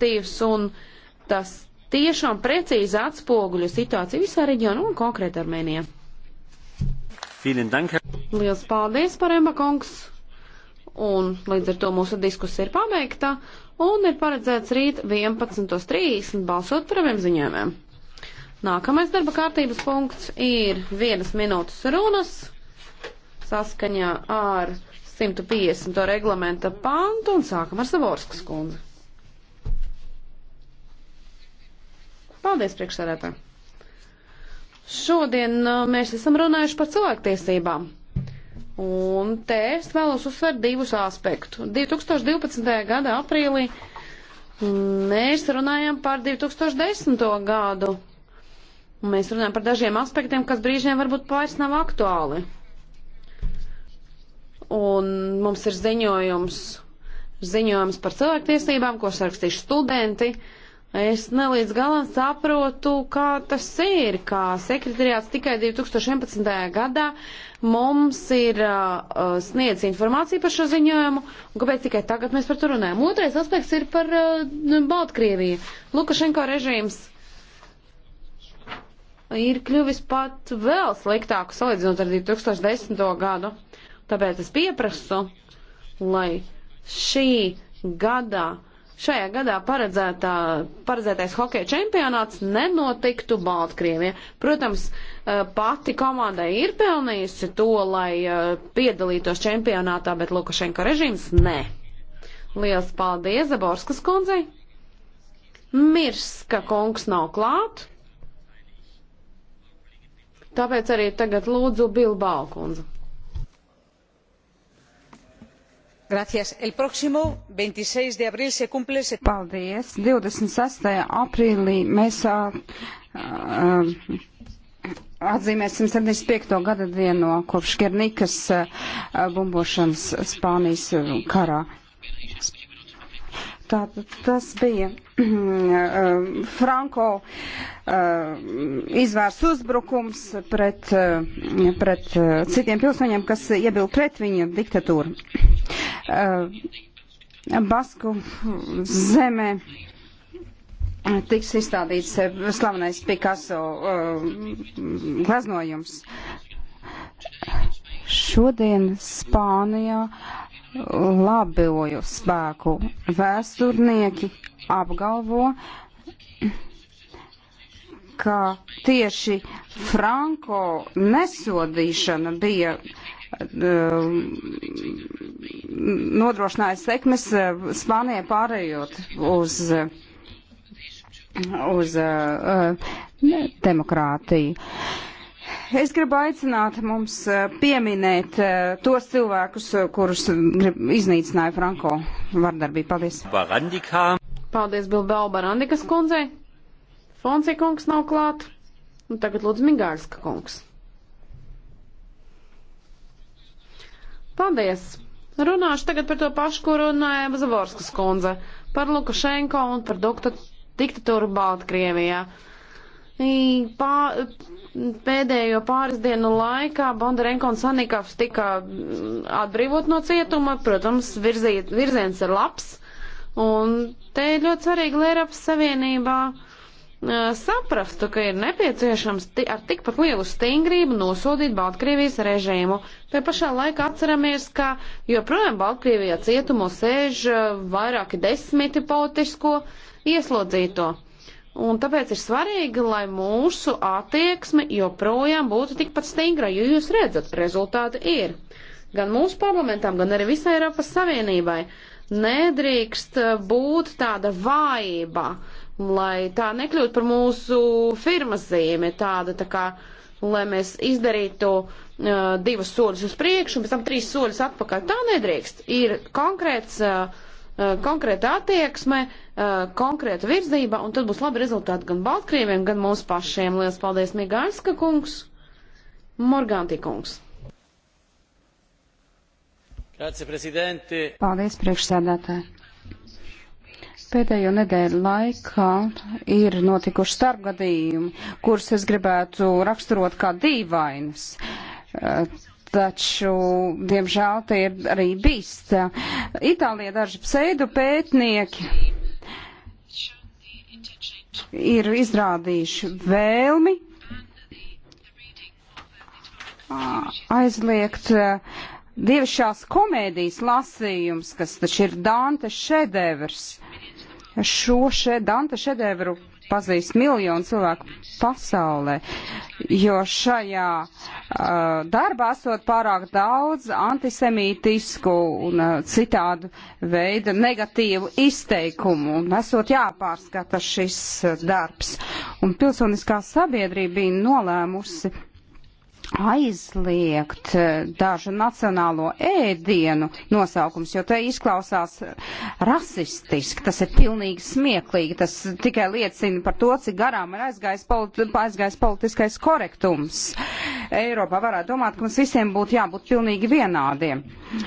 efektīvs un tas tiešām precīzi atspoguļo situāciju visā reģionā un konkrēti Armēnijā. Lielas paldies par Emma kungs! Un līdz ar to mūsu diskusija ir pabeigta un ir paredzēts rīt 11.30 balsot par abiem ziņojumiem. Nākamais darba kārtības punkts ir vienas minūtes runas saskaņā ar 150. reglamenta pantu un sākam ar Savorskas kundzi. Paldies, priekšsēdētā. Šodien uh, mēs esam runājuši par cilvēktiesībām. Un te es vēlos uzsvērt divus aspektus. 2012. gada aprīlī mm, mēs runājam par 2010. gadu. Mēs runājam par dažiem aspektiem, kas brīžiem varbūt vairs nav aktuāli. Un mums ir ziņojums, ziņojums par cilvēktiesībām, ko sarakstīšu studenti. Uh, Es nelīdz galam saprotu, kā tas ir, kā sekretariāts tikai 2011. gadā mums ir uh, uh, sniedz informāciju par šo ziņojumu, un kāpēc tikai tagad mēs par to runājam. Otrais aspekts ir par uh, Baltkrieviju. Lukašenko režīms ir kļuvis pat vēl sliktāku salīdzinot ar 2010. gadu. Tāpēc es pieprasu, lai šī gadā šajā gadā paredzētā, paredzētais hokeja čempionāts nenotiktu Baltkrievijā. Protams, eh, pati komanda ir pelnījusi to, lai eh, piedalītos čempionātā, bet Lukašenko režīms nē. Liels paldies Zaborskas kundzei. Mirs, ka kungs nav klāt. Tāpēc arī tagad lūdzu Bilbao kundzi. el próximo veintiséis de abril se cumple. paldies divdesmit sestajā aprīlī mēs uh, atzīmēsim septiņdesmit piekto gada dienu kopš Gernikas uh, bumbošanas Spānijas karā. Tātad tas bija uh, Franko izvērs uzbrukums pret, pret citiem pilsoņiem, kas iebil pret viņa diktatūru Eh, Basku zemē tiks izstādīts eh, slavenais Picasso eh, gleznojums. Šodien Spānijā laboju spēku vēsturnieki apgalvo, ka tieši Franko nesodīšana bija uh, nodrošināja sekmes eh, Spānijai pārējot uz, uz eh, demokrātiju. Es gribu aicināt mums eh, pieminēt tos cilvēkus, kurus iznīcināja Franko vardarbība. Paldies! Barandika. Paldies Bilbao Barandikas kundzei! Fonsekungs nav klāt. Un tagad lūdzu Migārska kungs. Paldies! Runāšu tagad par to pašu, ko runāja Zavorskas kundze, par Lukašenko un par diktatūru Baltkrievijā. Pā, pēdējo pāris dienu laikā Bondarenko un Sanikavs tika mm, atbrīvot no cietuma, protams, virzī, virziens ir labs, un te ir ļoti svarīgi, lai Eiropas Savienībā uh, saprastu, ka ir nepieciešams ar tikpat lielu stingrību nosodīt Baltkrievijas režīmu. Te pašā laikā atceramies, ka joprojām Baltkrievijā cietumos sēž vairāki desmiti politisko ieslodzīto. Un tāpēc ir svarīgi, lai mūsu attieksme joprojām būtu tikpat stingra, jo jūs redzat, rezultāti ir. Gan mūsu parlamentam, gan arī visai Eiropas Savienībai nedrīkst būt tāda vājība. Uh, lai tā nekļūtu par mūsu firmas zīme, tāda tā kā, lai mēs izdarītu uh, divus soļus uz priekšu un pēc tam trīs soļus atpakaļ. Tā nedrīkst. Ir konkrēts, uh, uh konkrēta attieksme, uh, konkrēta virzība, un tad būs labi rezultāti gan Baltkrieviem, gan mums pašiem. Lielas paldies, Migaiska kungs, Morganti kungs. Paldies, priekšsēdētāji. Pēdējo nedēļu laikā ir notikuši starpgadījumi, kurus es gribētu raksturot kā dīvainas. Taču, diemžēl, tie ir arī bīsta. Itālijā daži pseidu pētnieki ir izrādījuši vēlmi aizliegt dievišķās komēdijas lasījums, kas taču ir Dante šedevrs. Šo še Danta šedevru pazīst miljonu cilvēku pasaulē, jo šajā uh, darbā esot pārāk daudz antisemītisku un uh, citādu veidu negatīvu izteikumu, un esot jāpārskata šis uh, darbs. Un pilsoniskā sabiedrība bija nolēmusi aizliegt eh, dažu nacionālo ēdienu nosaukums, jo te izklausās rasistiski, tas ir pilnīgi smieklīgi, tas tikai liecina par to, cik garām ir aizgājis, politi aizgājis politiskais korektums. Eiropā varētu domāt, ka mums visiem būtu jābūt pilnīgi vienādiem.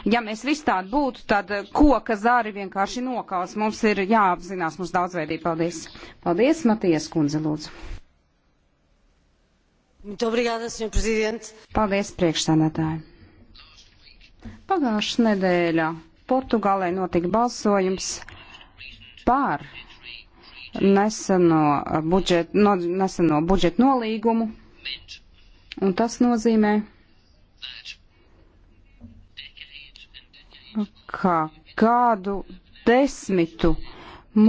Ja mēs visi tādi būtu, tad koka zāri vienkārši nokaus. Mums ir jāapzinās mūsu daudzveidība. Paldies! Paldies, Matijas kundze, lūdzu! Paldies, priekšsēdētāji! Pagājušā nedēļā Portugālē notika balsojums pār neseno budžetu, no, neseno budžetu nolīgumu, un tas nozīmē, ka kādu desmitu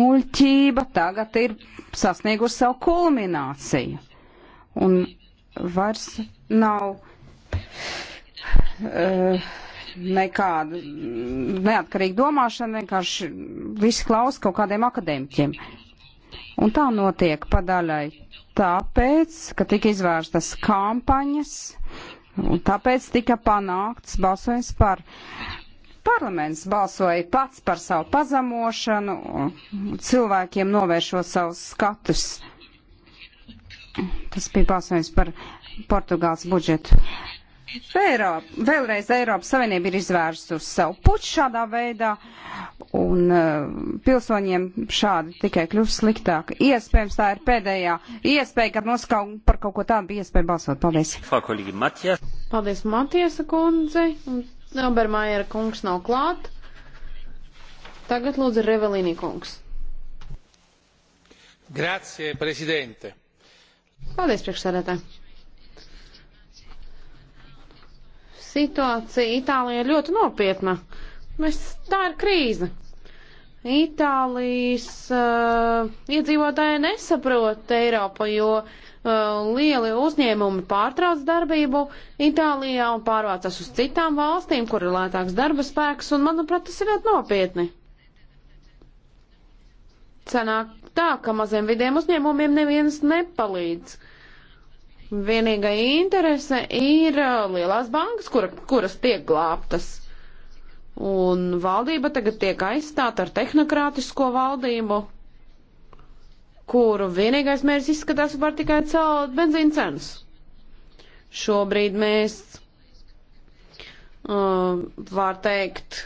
muļķība tagad ir sasniegusi savu kulmināciju. Un vairs nav uh, e, nekāda neatkarīga domāšana, vienkārši visi klaus kaut kādiem akadēmiķiem. Un tā notiek padaļai tāpēc, ka tika izvērstas kampaņas, un tāpēc tika panākts balsojums par parlaments balsoja pats par savu pazemošanu, cilvēkiem novēršot savus skatus. Tas bija balsojums par Portugāles budžetu. Eiro, vēlreiz Eiropas Savienība ir izvērsusi savu puču šādā veidā, un uh, pilsoņiem šādi tikai kļūst sliktāk. Iespējams, tā ir pēdējā iespēja, kad mums kaut, par kaut ko tādu bija iespēja balsot. Paldies. Paldies, Matiesa kundze. Obermājera kungs nav klāt. Tagad lūdzu Revelīni kungs. Grazie, prezidente. Paldies, priekšsēdētāji! Situācija Itālijā ir ļoti nopietna. Mēs, tā ir krīze. Itālijas uh, iedzīvotāji nesaprot Eiropu, jo uh, lieli uzņēmumi pārtrauc darbību Itālijā un pārvācas uz citām valstīm, kur ir lētāks darba spēks, un, manuprāt, tas ir ļoti nopietni. Cenāk, tā, ka maziem vidiem uzņēmumiem neviens nepalīdz. Vienīgā interese ir uh, lielās bankas, kura, kuras tiek glābtas. Un valdība tagad tiek aizstāta ar tehnokrātisko valdību, kuru vienīgais mērķis izskatās var tikai celt benzīna cenas. Šobrīd mēs, uh, var teikt,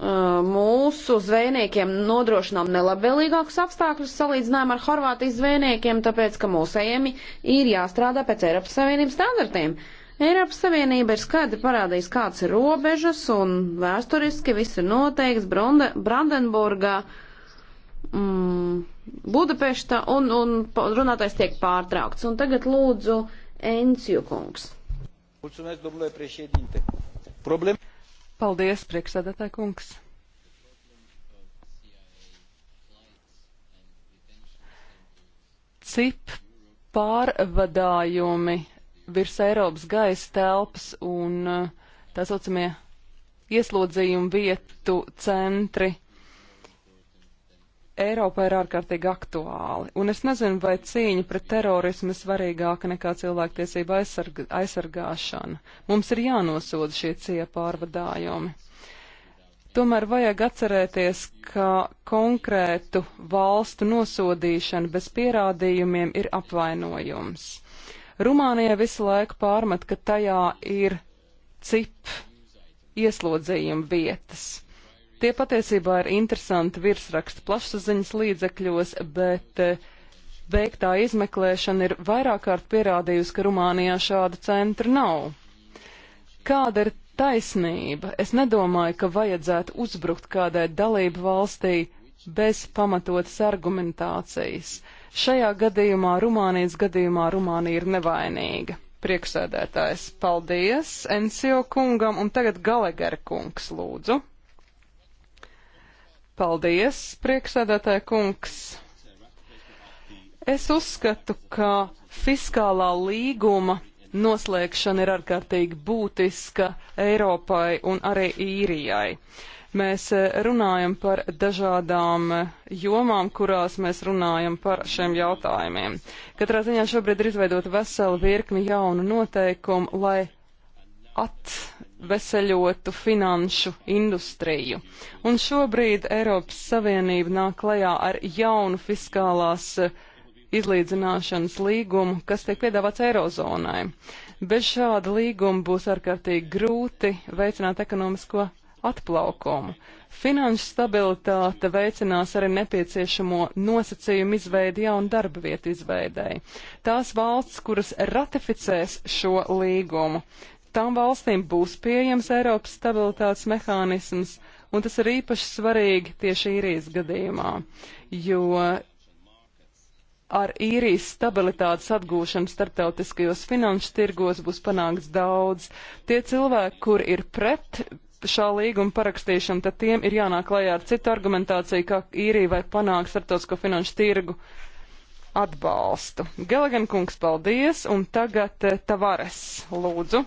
Uh, mūsu zvejniekiem nodrošinām nelabvēlīgākus apstākļus salīdzinājumā ar Horvātijas zvejniekiem, tāpēc, ka mūsējiem ir jāstrādā pēc Eiropas Savienības standartiem. Eiropas Savienība ir skaidri parādījis, kāds ir robežas, un vēsturiski viss ir noteikts Bronde, Brandenburgā, mm, Budapešta, un, un runātais tiek pārtraukts. Un tagad lūdzu Enciu kungs. Mulțumesc, domnule președinte. Problema Paldies, priekšsēdētāji kungs. CIP pārvadājumi virs Eiropas gaisa telpas un uh, tā saucamie ieslodzījuma vietu centri Eiropā ir ārkārtīgi aktuāli, un es nezinu, vai cīņa pret terorismu ir svarīgāka nekā cilvēktiesība aizsarg aizsargāšana. Mums ir jānosoda šie cie pārvadājumi. Tomēr vajag atcerēties, ka konkrētu valstu nosodīšana bez pierādījumiem ir apvainojums. Rumānijai visu laiku pārmet, ka tajā ir cip ieslodzījuma vietas. Tie patiesībā ir interesanti virsraksti plašsaziņas līdzekļos, bet eh, veiktā izmeklēšana ir vairāk kārt pierādījusi, ka Rumānijā šāda centra nav. Kāda ir taisnība? Es nedomāju, ka vajadzētu uzbrukt kādai dalību valstī bez pamatotas argumentācijas. Šajā gadījumā, Rumānijas gadījumā, Rumānija ir nevainīga. Prieksēdētājs, paldies Ensio kungam un tagad Galegera kungs lūdzu. Paldies, priekšsēdētāja kungs. Es uzskatu, ka fiskālā līguma noslēgšana ir ārkārtīgi būtiska Eiropai un arī īrijai. Mēs eh, runājam par dažādām eh, jomām, kurās mēs runājam par šiem jautājumiem. Katrā ziņā šobrīd ir izveidota vesela virkni jaunu noteikumu, lai at atveseļotu finanšu industriju. Un šobrīd Eiropas Savienība nāk klajā ar jaunu fiskālās eh, izlīdzināšanas līgumu, kas tiek piedāvāts Eirozonai. Bez šāda līguma būs ārkārtīgi grūti veicināt ekonomisko atplaukumu. Finanšu stabilitāte veicinās arī nepieciešamo nosacījumu izveidi jaunu darba vietu izveidēji. Tās valsts, kuras ratificēs šo līgumu, tām valstīm būs pieejams Eiropas stabilitātes mehānisms, un tas ir īpaši svarīgi tieši īrijas gadījumā, jo ar īrijas stabilitātes atgūšanu starptautiskajos finanšu tirgos būs panākts daudz. Tie cilvēki, kur ir pret šā līguma parakstīšanu, tad tiem ir jānāk klajā ar citu argumentāciju, kā īrija vai panākt starptautisko finanšu tirgu atbalstu. Gelegan kungs, paldies, un tagad eh, Tavares, lūdzu.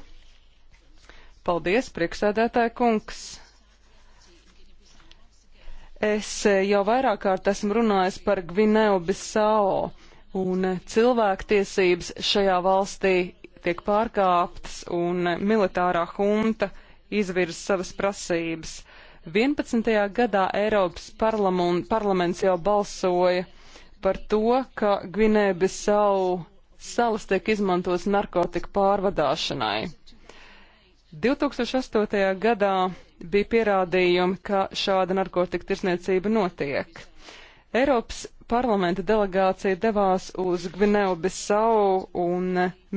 Paldies, priekšsēdētāja kungs! Es jau vairāk kārt esmu runājis par Gvineo Bisao, un cilvēktiesības šajā valstī tiek pārkāptas, un militārā hunta izvirza savas prasības. 11. gadā Eiropas parlaments jau balsoja par to, ka Gvinēbisau salas tiek izmantotas narkotika pārvadāšanai. 2008. gadā bija pierādījumi, ka šāda narkotika tirsniecība notiek. Eiropas parlamenta delegācija devās uz Gvineu Bisau un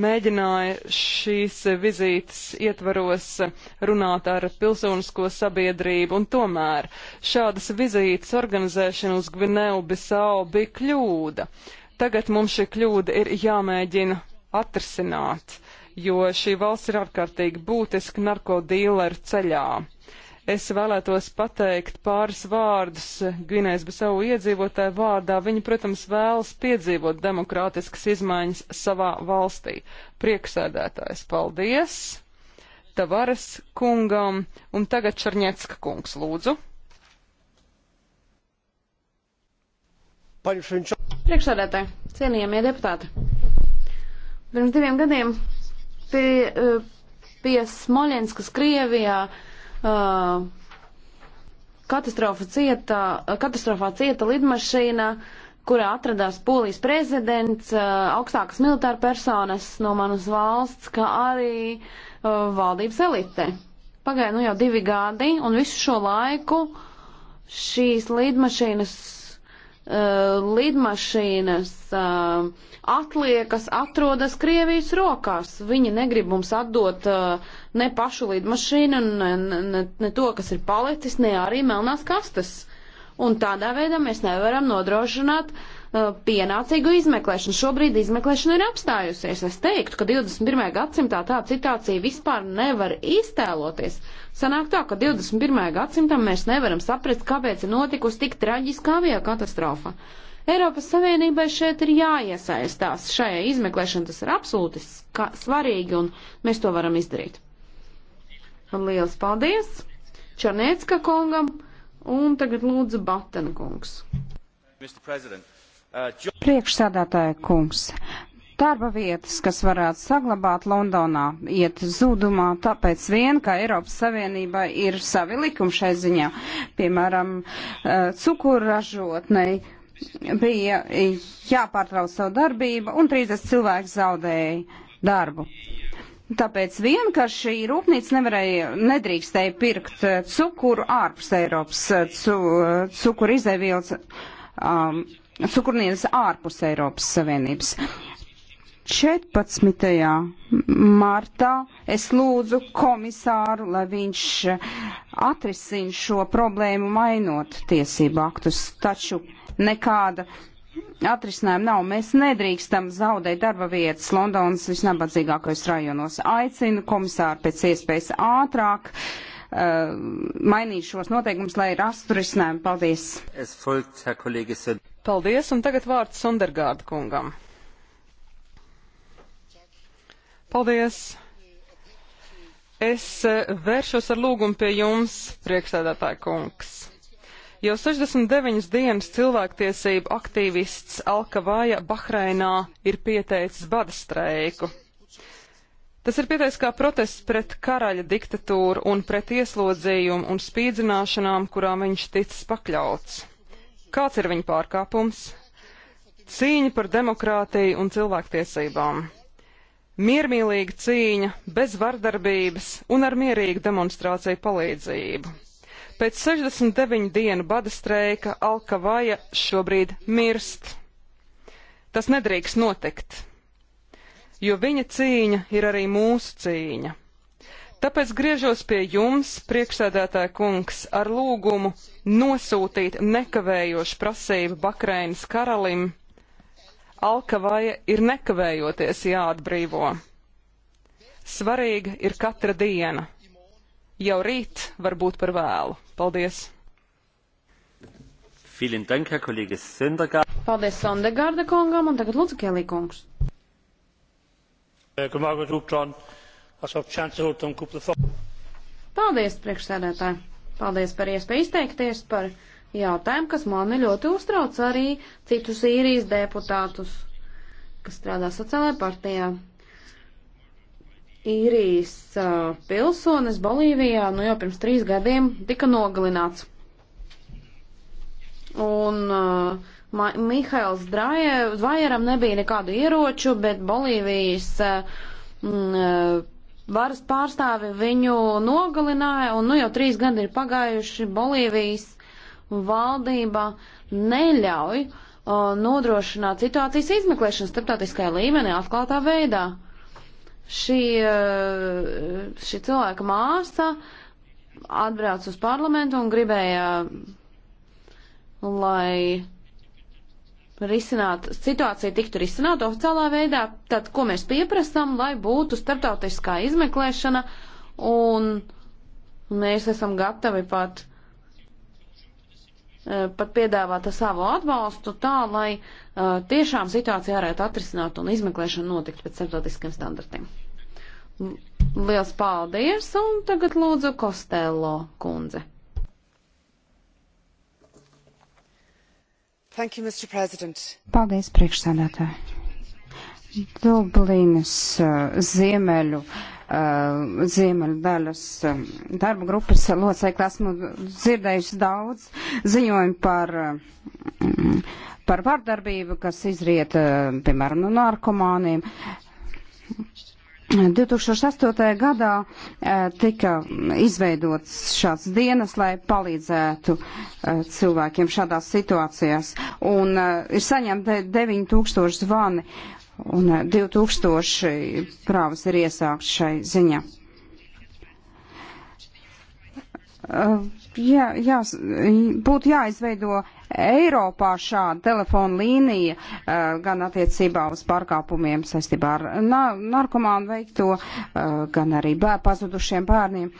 mēģināja šīs vizītes ietvaros runāt ar pilsonisko sabiedrību, un tomēr šādas vizītes organizēšana uz Gvineu Bisau bija kļūda. Tagad mums šī kļūda ir jāmēģina atrisināt jo šī valsts ir ārkārtīgi būtiski narkodīleru ceļā. Es vēlētos pateikt pāris vārdus Gvinējas Bisavu iedzīvotāju vārdā. Viņi, protams, vēlas piedzīvot demokrātiskas izmaiņas savā valstī. Prieksēdētājs, paldies! Tavares kungam un tagad Čarņecka kungs, lūdzu. Priekšsēdētāji, cienījamie deputāti, pirms diviem gadiem pie, eh, pie Smoļenskas Krievijā uh, katastrofa cieta, eh, katastrofā cieta lidmašīna, kurā atradās polijas prezidents, uh, augstākas militāra personas no manas valsts, kā arī uh, valdības elite. Pagāja nu jau divi gadi, un visu šo laiku šīs lidmašīnas Eh, lidmašīnas eh, atliekas atrodas Krievijas rokās. Viņi negrib mums atdot eh, ne pašu lidmašīnu, ne, ne, ne to, kas ir palicis, ne arī melnās kastes. Un tādā veidā mēs nevaram nodrošināt uh, pienācīgu izmeklēšanu. Šobrīd izmeklēšana ir apstājusies. Es teiktu, ka 21. gadsimtā tā situācija vispār nevar iztēloties. Sanāk tā, ka 21. gadsimtam mēs nevaram saprast, kāpēc ir notikusi tik traģiska aviakatastrofa. Eiropas Savienībai šeit ir jāiesaistās šajā izmeklēšanā, tas ir absolūti svarīgi, un mēs to varam izdarīt. Un liels paldies Čarnēcka kungam, un tagad lūdzu Batena kungs. Uh, Priekšsādātāja kungs, darba vietas, kas varētu saglabāt Londonā, iet zudumā, tāpēc vien, ka Eiropas Savienībā ir savi likumi šai ziņā. Piemēram, eh, cukurražotnei bija jāpārtrauc savu darbību un 30 cilvēki zaudēja darbu. Tāpēc vien, ka šī rūpnīca nevarēja, nedrīkstēja pirkt eh, cukuru ārpus Eiropas, eh, cu, cukuru izdevielas, um, cukurnīcas ārpus Eiropas Savienības. 14. martā es lūdzu komisāru, lai viņš atrisina šo problēmu mainot tiesību aktus, taču nekāda atrisinājuma nav. Mēs nedrīkstam zaudēt darba vietas Londonas visnabadzīgākajos rajonos. Aicinu komisāru pēc iespējas ātrāk uh, mainīt šos noteikumus, lai rastu risinājumu. Paldies! Folgt, Paldies, un tagad vārds Sundergārda kungam. Paldies! Es eh, vēršos ar lūgumu pie jums, priekšsēdētāja kungs. Jau 69 dienas cilvēktiesību aktīvists Alkavāja Bahreinā ir pieteicis bada streiku. Tas ir pieteicis kā protests pret karaļa diktatūru un pret ieslodzījumu un spīdzināšanām, kurām viņš ticis pakļauts. Kāds ir viņa pārkāpums? Cīņa par demokrātiju un cilvēktiesībām miermīlīga cīņa, bez vardarbības un ar mierīgu demonstrāciju palīdzību. Pēc 69 dienu bada streika Alkavaja šobrīd mirst. Tas nedrīkst notikt, jo viņa cīņa ir arī mūsu cīņa. Tāpēc griežos pie jums, priekšsēdētāja kungs, ar lūgumu nosūtīt nekavējošu prasību Bakreinas karalim Alkavaja ir nekavējoties jāatbrīvo. Svarīga ir katra diena. Jau rīt var būt par vēlu. Paldies! Paldies Sondegārda kungam un tagad Lūdzu Kēlī kungs. Eh, Paldies priekšsēdētāji. Paldies par iespēju izteikties par jautājumu, kas mani ļoti uztrauc arī citus īrijas deputātus, kas strādā sociālajā partijā. Īrijas uh, pilsonis Bolīvijā nu jau pirms trīs gadiem tika nogalināts. Un uh, Ma Mihails Dvajeram nebija nekādu ieroču, bet Bolīvijas uh, m, varas pārstāvi viņu nogalināja, un nu jau trīs gadi ir pagājuši Bolīvijas valdība neļauj uh, nodrošināt situācijas izmeklēšanu starptautiskajā līmenī atklātā veidā. Šī, uh, šī cilvēka māsa atbrauc uz parlamentu un gribēja, lai risināt, situācija tiktu risināta oficiālā veidā, tad ko mēs pieprasām, lai būtu starptautiskā izmeklēšana, un mēs esam gatavi pat Eh, pat piedāvāta savu atbalstu tā, lai uh, tiešām situācija varētu atrisināt un izmeklēšana notikt pēc starptautiskiem standartiem. Liels paldies, un tagad lūdzu Kostēlo kundze. Thank you, Mr. President. Paldies, priekšsādātāji. Dublīnas uh, ziemeļu uh, Uh, Ziemeļdaļas um, darba grupas locekli esmu dzirdējuši daudz ziņojumu par, um, par vardarbību, kas izriet, uh, piemēram, no narkomāniem. 2008. gadā uh, tika izveidots šāds dienas, lai palīdzētu cilvēkiem šādās situācijās, un ir saņemta 9000 zvani un 2000 eh, prāvas ir iesākts šai ziņā. Eh, jā, jā, būtu jāizveido Eiropā šāda telefona līnija eh, gan attiecībā uz pārkāpumiem saistībā ar narkomānu veikto, eh, gan arī bēr, pazudušiem bērniem.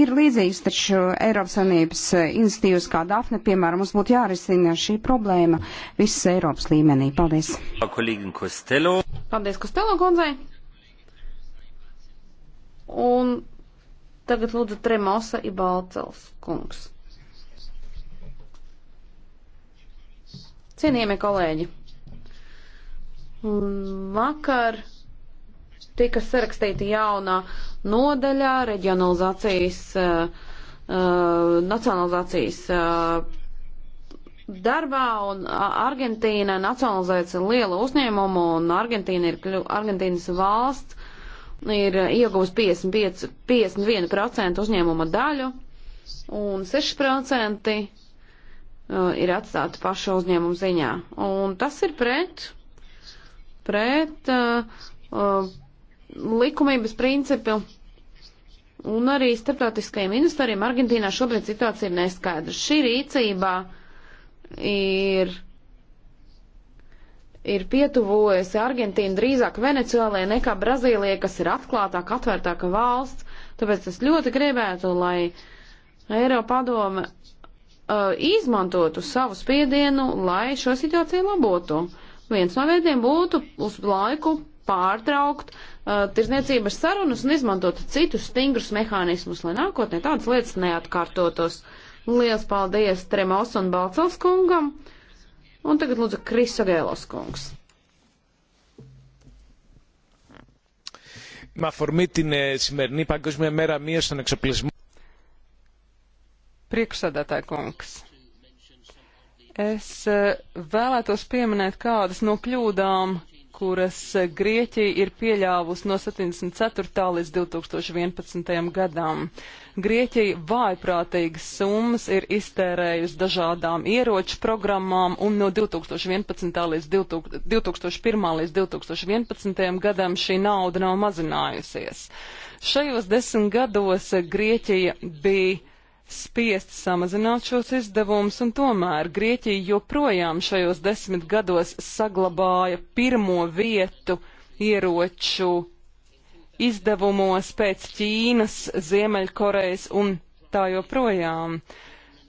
Ir līdzīgs taču Eiropas Savienības institīvas kā Dafne, piemēram, mums būtu jārisina šī problēma visas Eiropas līmenī. Paldies. Paldies, Kostelo kundzei. Un Tagad lūdzu Tremosa Ibalcels kungs. Cienījamie kolēģi, vakar tika sarakstīta jaunā nodaļā reģionalizācijas, uh, uh, nacionalizācijas uh, darbā, un Argentīna nacionalizēts lielu uzņēmumu, un Argentīna ir kļu, Argentīnas valsts ir ieguvusi 55, 51% uzņēmuma daļu un 6% eh, ir atstāti pašu uzņēmumu ziņā. Un tas ir pret, pret uh, uh, likumības principu. Un arī starptautiskajiem investoriem Argentīnā šobrīd situācija ir neskaidra. Šī rīcība ir ir pietuvojusi Argentīna drīzāk Venecijolē nekā Brazīlija, kas ir atklātāka, atvērtāka valsts. Tāpēc es ļoti gribētu, lai Eiropa padome uh, izmantotu savu spiedienu, lai šo situāciju labotu. Viens no veidiem būtu uz laiku pārtraukt uh, tirzniecības sarunas un izmantot citus stingrus mehānismus, lai nākotnē tādas lietas neatkārtotos. Lielas paldies Tremos un Balcels kungam! Un tagad lūdzu Kriso Gēlos kungs. Με αφορμή την σημερινή Παγκόσμια Μέρα Μίας των Εξοπλισμών. Priekšsēdētāja kungs, es vēlētos pieminēt kādas no kļūdām, kuras Grieķija ir pieļāvusi no 74. līdz 2011. gadam. Grieķija vājprātīgas summas ir iztērējusi dažādām ieroču programmām un no 2011. līdz 2000, 2001. līdz 2011. gadam šī nauda nav mazinājusies. Šajos desmit gados Grieķija bija spiest samazināt šos izdevumus, un tomēr Grieķija joprojām šajos desmit gados saglabāja pirmo vietu ieroču izdevumos pēc Ķīnas, Ziemeļkorejas un tā joprojām. Uh,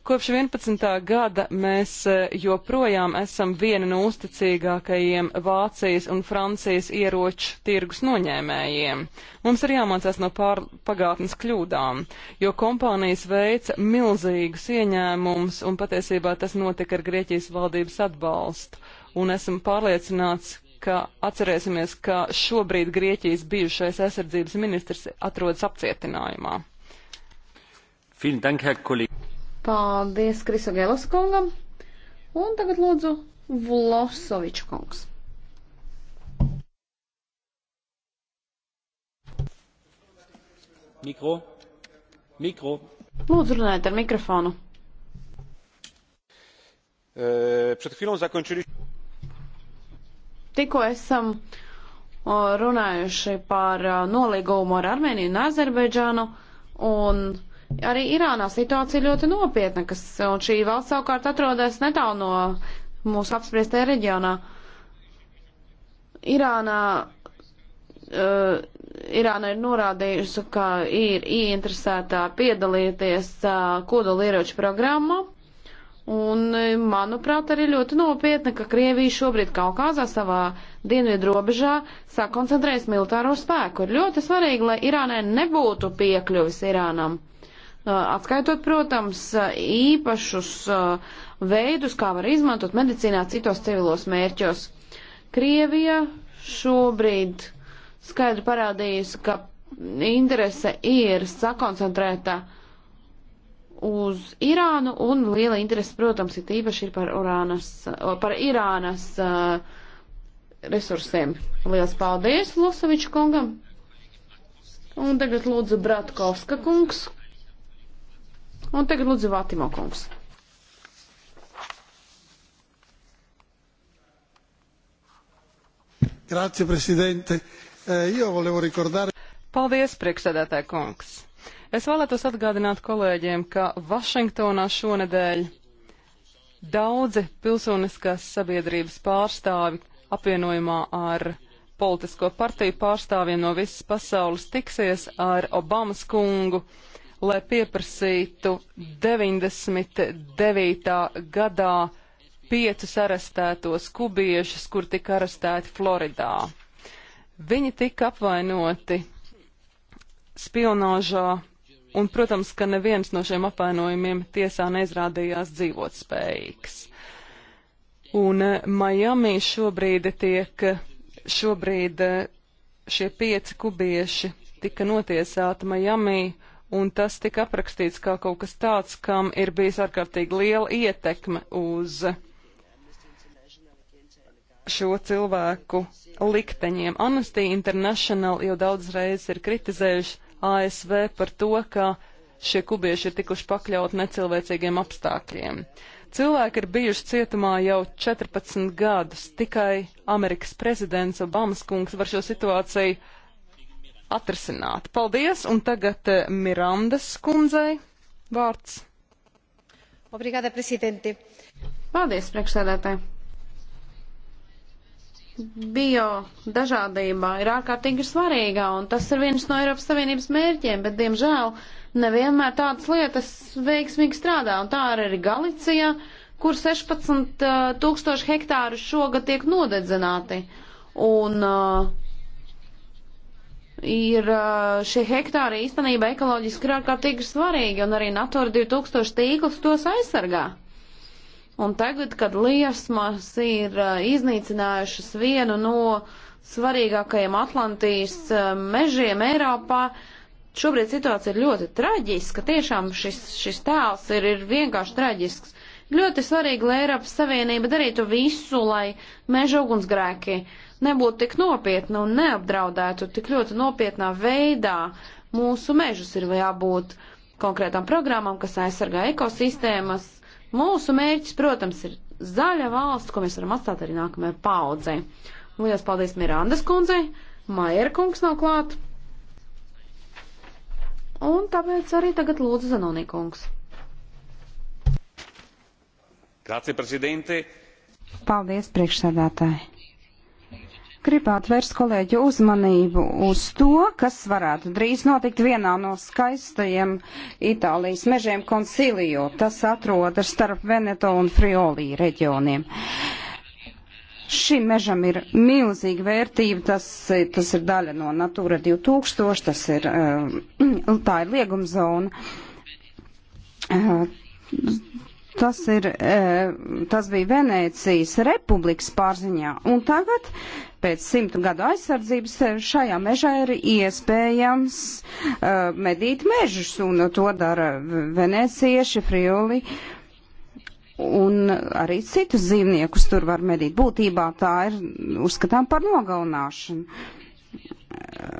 Kopš 11. gada mēs e, joprojām esam viena no uzticīgākajiem Vācijas un Francijas ieroču tirgus noņēmējiem. Mums ir jāmācās no pār pagātnes kļūdām, jo kompānijas veica milzīgus ieņēmumus un patiesībā tas notika ar Grieķijas valdības atbalstu. Un esmu pārliecināts, ka atcerēsimies, ka šobrīd Grieķijas bijušais aizsardzības ministrs atrodas apcietinājumā. Vielen Dank, Herr Kollege. Paldies Krisogelas kungam. Un tagad lūdzu Vlosoviča kungs. Mikro. Mikro. Lūdzu runājiet ar mikrofonu. E, Przed chwilą zakończyliśmy. Tikko esam runājuši par nolīgumu ar Armēniju un Azerbaidžānu, un Arī Irānā situācija ļoti nopietna, kas, un šī valsts savukārt atrodas netālu no mūsu apspriestajā reģionā. Irānā, uh, Irāna ir norādījusi, ka ir ieinteresētā piedalīties uh, kodolieroču programmā, un, eh, manuprāt, arī ļoti nopietna, ka Krievija šobrīd Kaukāzā savā dienvidu robežā sakoncentrējas militāro spēku. Ir ļoti svarīgi, lai Irānai nebūtu piekļuvis Irānam. Uh, atskaitot, protams, īpašus veidus, kā var izmantot medicīnā citos civilos mērķos. Krievija šobrīd skaidri parādījusi, ka interese ir sakoncentrēta uz Irānu, un liela interese, protams, ir īpaši ir par, Urānas, par Irānas resursiem. Lielas paldies Lusoviču kungam! Un tagad lūdzu Bratkovska kungs, Un tagad lūdzu Vātimo kungs. Grazie, prezidente. Eh, io volevo ricordare. Paldies, priekšsēdētāj kungs. Es vēlētos atgādināt kolēģiem, ka Vašingtonā šonedēļ daudzi pilsoniskās sabiedrības pārstāvi apvienojumā ar politisko partiju pārstāvjiem no visas pasaules tiksies ar Obamas kungu. Uh, lai pieprasītu 99. gadā piecus arestētos kubiešus, kur tika arestēti Floridā. Viņi tika apvainoti spionāžā, un, protams, ka neviens no šiem apvainojumiem tiesā neizrādījās dzīvotspējīgs. Un eh, Miami šobrīd tiek, šobrīd eh, šie pieci kubieši tika notiesāti Miami, un tas tika aprakstīts kā kaut kas tāds, kam ir bijis ārkārtīgi liela ietekme uz šo cilvēku likteņiem. Amnesty International jau daudz reizes ir kritizējuši ASV par to, ka šie kubieši ir tikuši pakļaut necilvēcīgiem apstākļiem. Cilvēki ir bijuši cietumā jau 14 gadus, tikai Amerikas prezidents Obamas kungs var šo situāciju atrasināti. Paldies, un tagad eh, Mirandas kundzei vārds. Obrigada, prezidenti. Paldies, priekšsēdētāji. Bio dažādība ir ārkārtīgi svarīga, un tas ir viens no Eiropas Savienības mērķiem, bet, diemžēl, nevienmēr tādas lietas veiksmīgi strādā, un tā arī ir Galicija, kur 16 eh, tūkstoši hektāru šogad tiek nodedzināti. Un uh, ir šie hektāri īstenībā ekoloģiski ir ārkārtīgi svarīgi, un arī Natura 2000 tīkls tos aizsargā. Un tagad, kad liesmas ir iznīcinājušas vienu no svarīgākajiem Atlantijas mežiem Eiropā, šobrīd situācija ir ļoti traģiska. Tiešām šis, šis tēls ir, ir vienkārši traģisks. Ļoti svarīgi, lai Eiropas Savienība darītu visu, lai meža ugunsgrēki uh, nebūtu tik nopietna un neapdraudētu tik ļoti nopietnā veidā mūsu mežus. Ir jābūt konkrētām programmām, kas aizsargā ekosistēmas. Mūsu mērķis, protams, ir zaļa valsts, ko mēs varam atstāt arī nākamajai paudzei. Lielas paldies Mirandas kundzei, Maiera kungs nav klāt. Un tāpēc arī tagad lūdzu Zanonī kungs. Grazie, prezidente. Paldies, priekšsādātāji. Gribētu vērst kolēģu uzmanību uz to, kas varētu drīz notikt vienā no skaistajiem Itālijas mežiem Koncilio. Tas atrodas starp Veneto un Friolī reģioniem. Šim mežam ir milzīga vērtība, tas, tas ir daļa no Natūra 2000, tas ir, eh, tā ir lieguma zona eh, Tas, ir, e, tas bija Venēcijas republikas pārziņā, un tagad pēc simtu gadu aizsardzības šajā mežā ir iespējams uh, medīt mežus, un to dara venecieši, frioli. Un arī citus dzīvniekus tur var medīt. Būtībā tā ir uzskatām par nogalnāšanu.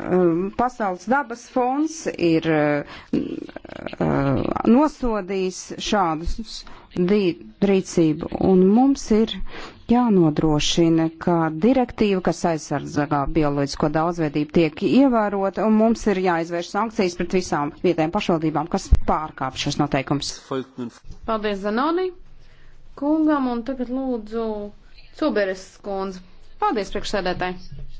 Um, Pasaules dabas fonds ir uh, uh, nosodījis šādus rīcību, un mums ir jānodrošina, ka direktīva, kas aizsardzagā bioloģisko daudzveidību, tiek ievērota, un mums ir jāizvērš sankcijas pret visām vietējām pašvaldībām, kas pārkāp šos noteikumus. Paldies, Zanoni! Kungam, un tagad lūdzu Cuberes skundzi. Paldies, priekšsēdētāji!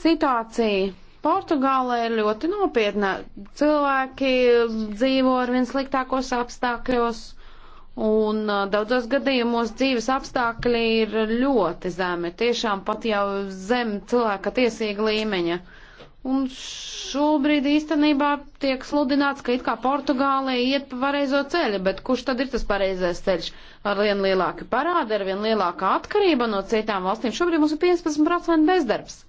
Situācija Portugālē ir ļoti nopietna. Cilvēki dzīvo ar vien sliktākos apstākļos, un uh, daudzos gadījumos dzīves apstākļi ir ļoti zemi, tiešām pat jau zem cilvēka tiesīga līmeņa. Un šobrīd īstenībā tiek sludināts, ka it kā Portugālē iet pa pareizo ceļu, bet kurš tad ir tas pareizais ceļš? Ar vien lielāku parādu, ar vien lielāku atkarību no citām valstīm. Šobrīd mums ir 15% bezdarbs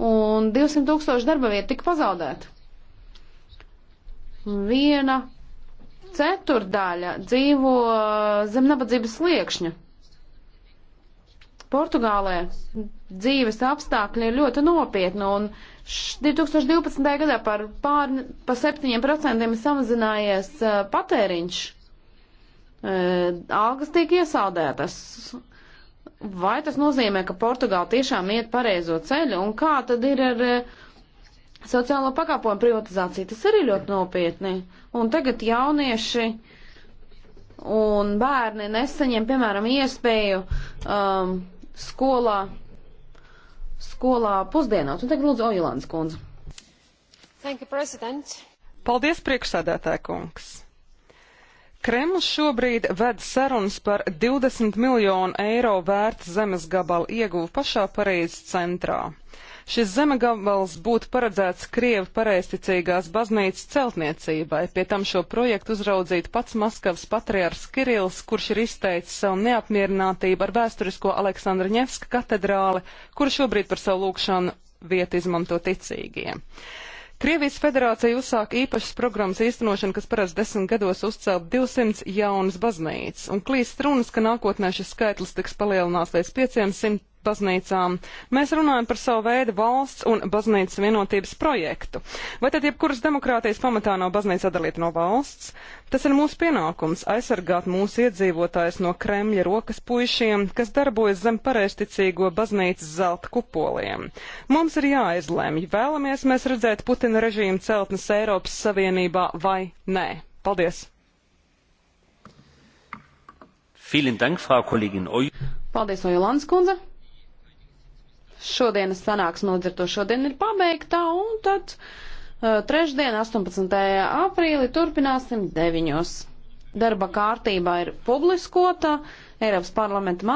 un 200 tūkstoši darba vietu tika pazaudēti. Viena ceturdaļa dzīvo uh, zem nabadzības sliekšņa. Portugālē dzīves apstākļi ir ļoti nopietni, un 2012. gadā par pār pa 7% samazinājies uh, patēriņš. Uh, algas tiek iesaldētas, vai tas nozīmē, ka Portugāla tiešām iet pareizo ceļu, un kā tad ir ar eh, sociālo pakāpojumu privatizāciju? Tas arī ļoti nopietni. Un tagad jaunieši un bērni nesaņem, piemēram, iespēju um, skolā, skolā pusdienot. Un tagad lūdzu Ojulāns kundze. Thank you, President. Paldies, priekšsēdētāja kungs. Kremls šobrīd ved sarunas par 20 miljonu eiro vērts zemes gabalu ieguvu pašā Parīzes centrā. Šis zemegabals būtu paredzēts Krievu pareisticīgās baznīcas celtniecībai, pie tam šo projektu uzraudzītu pats Maskavas patriārs Kirils, kurš ir izteicis savu neapmierinātību ar vēsturisko Aleksandra Ņevska katedrāli, kuru šobrīd par savu lūkšanu vietu izmanto ticīgie. Krievijas federācija uzsāk īpašas programmas īstenošanu, kas paredz desmit gados uzcelt 200 jaunas baznīcas, un klīst runas, ka nākotnē šis skaitlis tiks palielināts līdz 500 baznīcām. Mēs runājam par savu veidu valsts un baznīcas vienotības projektu. Vai tad jebkuras demokrātijas pamatā nav baznīca atdalīta no valsts? Tas ir mūsu pienākums - aizsargāt mūsu iedzīvotājus no Kremļa rokas puišiem, kas darbojas zem pareizticīgo baznīcas zelta kupoliem. Mums ir jāizlemj, vēlamies mēs redzēt Putina režīmu celtnes Eiropas Savienībā vai nē. Paldies! Vielen Dank, Frau Kollegin Oju. Paldies, Ojulands kundze šodienas sanāksme līdz ar to šodien ir pabeigta, un tad uh, trešdien, 18. aprīli, turpināsim deviņos. Darba kārtībā ir publiskota Eiropas parlamenta māja.